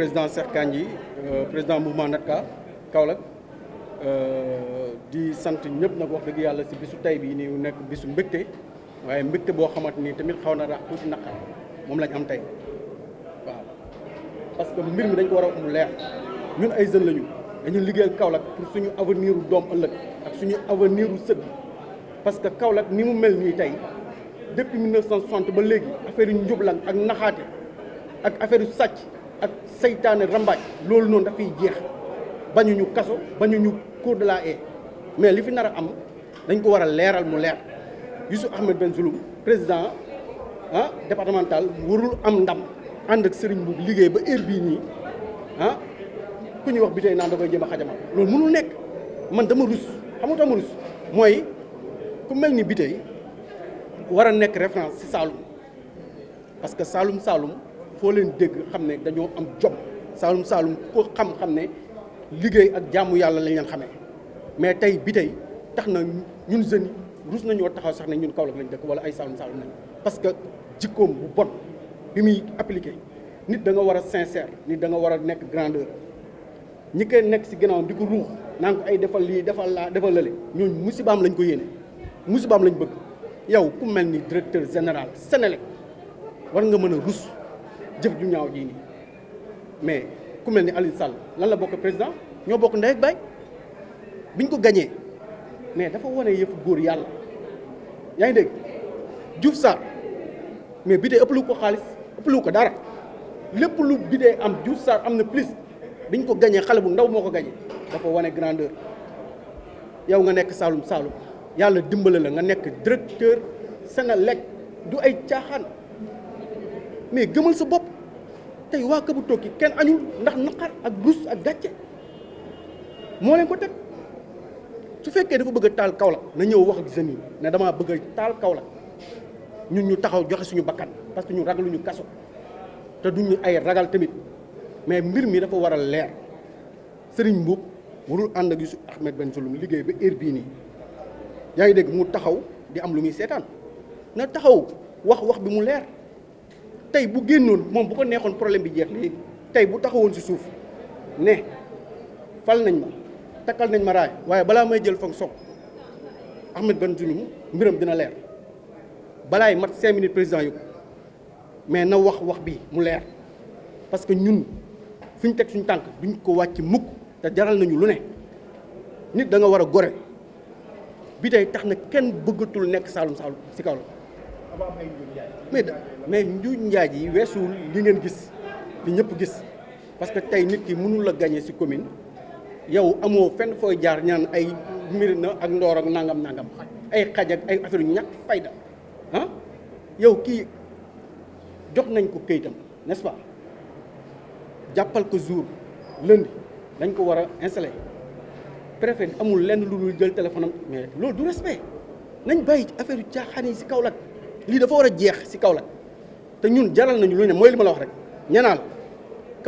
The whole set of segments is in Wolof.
président Cheikh yi euh, président mouvement Natka Kaolack euh, di sant ñëpp nag wax dëgg yàlla si bisu tey bi ni nekk bisu mbégte waaye mbégte boo xamante ni tamit xaw na rax si naqar moom lañ am tey waaw parce que mbir mi dañ ko war a am leer ñun ay jeunes lañu dañu liggéeyal Kaolack pour suñu avenir doom ëllëg ak suñu avenir u sët parce que Kaolack ni mu mel nii tey depuis 1960 ba léegi affaire yu njublan ak naxaate ak affaire yu sàcc ak saytaane rambaaj loolu noonu dafay jeex bañu ñu kaso bañuñu ñu cour de la haie mais li fi nar a am dañ ko war a leeral mu leer Youssouf Ahmed Bengelloune président ah départemental warul am ndam ànd ak sëriñ bu liggéey ba heure bii nii ah ku ñuy wax bi tey naan da koy jëm a xajamal loolu mënul nekk man dama rus xam nga rus mooy ku mel ni bi tey war a nekk référence ci Saloum parce que Saloum Saloum. foo leen dégg xam ne dañoo am jom saalum saalum ko xam-xam ne liggéey ak jàmm yàlla lañ leen xamee mais tey bi tey tax na ñun jeunes ruus rus nañoo taxaw sax ne ñun Kaolack lañ dëkk wala ay saalum saalum lañ parce que jikkoom bu bon bi muy appliqué nit da nga war a sincère nit da nga war a nekk grandeur ñi koy nekk si ginnaaw di ko ruux naan ko ay defal lii defal laa defal lële ñooñu musibaam lañ ko yéene musibaam lañ bëgg yow ku mel ni directeur général Sénélec war nga mën a rus jëf ju ñaaw jii nii mais ku mel ni Aliou Sall lan la bokk président ñoo bokk ndey ak baay biñ ko gañee mais dafa wane yëfu góor yàlla yaa ngi dégg Diouf Sarr mais bi dee ëpp lu ko xaalis ëpp lu ko dara lépp lu bi dee am Diouf Sarr am na plus biñ ko gañee xale bu ndaw moo ko gañee dafa wane grandeur yow nga nekk Saalum Saalum yàlla dimbale la nga nekk directeur Senelec du ay caaxaan mais gëmal sa bopp tey waa Këbu Tokki kenn añul ndax naqar ak rus ak gàcce moo leen ko teg su fekkee dafa bëgg a taal Kaolack na ñëw wax ak jeunes yi ne damaa bëgg a taal Kaolack ñun ñu taxaw joxe suñu bakkan parce que ñu ragaluñu kaso te ñu ay ragal tamit mais mbir mi dafa war a leer Serigne Mboup warul ànd ak Youssouf Ahmed lu Saloum liggéey ba heure bii nii yaa ngi dégg mu taxaw di am lu muy seetaan na taxaw wax wax bi mu leer. tey bu génnoon moom bu ko neexoon problème bi jeex léegi tey bu taxawoon si suuf ne fal nañ ma takkal nañ ma raay waaye balaa may jël fang soog Ahmed Bengelloune mbiram dina leer balaay mat cinq minutes président yëpp mais na wax wax bi mu leer parce que ñun fi ñu teg suñu tànk duñ ko wàcc mukk te jaral nañu lu ne nit danga war a gore bi tey tax na kenn bëggatul nekk Saalum Saalum si kaw la mais mais njuuj njaaj yi weesuwul li ngeen gis li ñëpp gis parce que tey nit ki mënul la gagné ci commune yow amoo fenn fooy jaar ñaan ay mbir na ak ndoor ak nangam nangam ay xaj ak ay affaire yu ñàkk fayda ah yow kii jox nañ ko këyitam nest jàppal ko jour lundi dañ ko war a installé préfet amul lenn lu dul jël téléphone mais loolu du respect nañ bàyyi affaire yu caaxaan yi ci Kaolack lii dafa war a jeex si Kaolack te ñun jaral nañu lu ne mooy li ma la wax rek ñanaa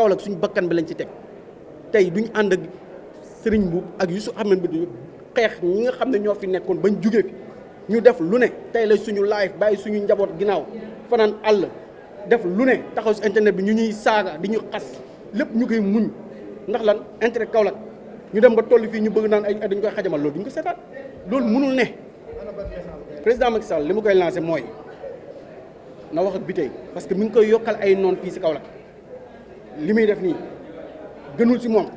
la suñu bakkan bi lañ ci teg tey duñ ànd ak sëriñ Mboup ak Youssouf Ahmed bi xeex ñi nga xam ne ñoo fi nekkoon bañ jugee fi ñu def lu ne tey la suñu laay bàyyi suñu njaboot ginnaaw fanaan àll def lu ne taxaw si internet bi ñu ñuy saaga di ñu xas lépp ñu koy muñ ndax lan intérêt Kaolack ñu dem ba toll fii ñu bëgg naan ay dañ koy xajamal loolu duñ ko seetaat loolu mënul ne président Macky li mu koy lancé mooy na wax ak bi tey parce que mi ngi koy yokkal ay noon fii si Kaolack li muy def nii gënul si moom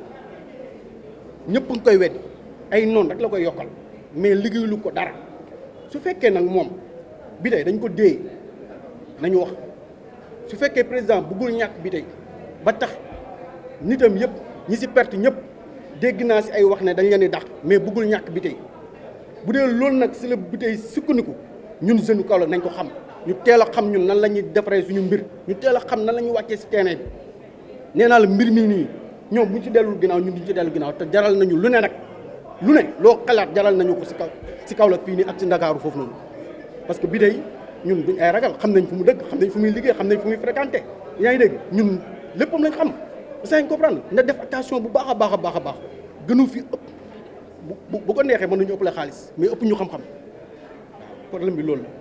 ñëpp nga koy weddi ay noon rek la koy yokkal mais liggéeylu ko dara su fekkee nag moom bi tey dañ ko dee nañu wax su fekkee président bëggul ñàkk bi tey ba tax nitam yëpp ñi si perte ñëpp dégg naa si ay wax ne dañ leen di dàq mais bëggul ñàkk bi tey bu dee loolu nag si la bi tey sukkandiku ñun jeune Kaolack nañ ko xam ñu teel a xam ñun nan la ñuy defaree suñu mbir ñu teel a xam na la wàccee si terrain bi nee naa la mbir mi nii ñoom bu ñu ci dellu ginnaaw ñun duñ ci dellu ginnaaw te jaral nañu lu ne nag lu ne loo xalaat jaral nañu ko si kaw si kaw la fii nii ak si ndakaaru foofu noonu parce que bi day ñun bu ay ragal xam nañ fu mu dëgg xam nañ fu muy liggéey xam nañ fu muy fréquenté yaa ngi dégg ñun léppam lañ xam saa ngi comprendre na def attention bu baax a baax a baax a baax gënu fi ko neexee mën nañu ëpp la xaalis mais ñu xam-xam problème bi loolu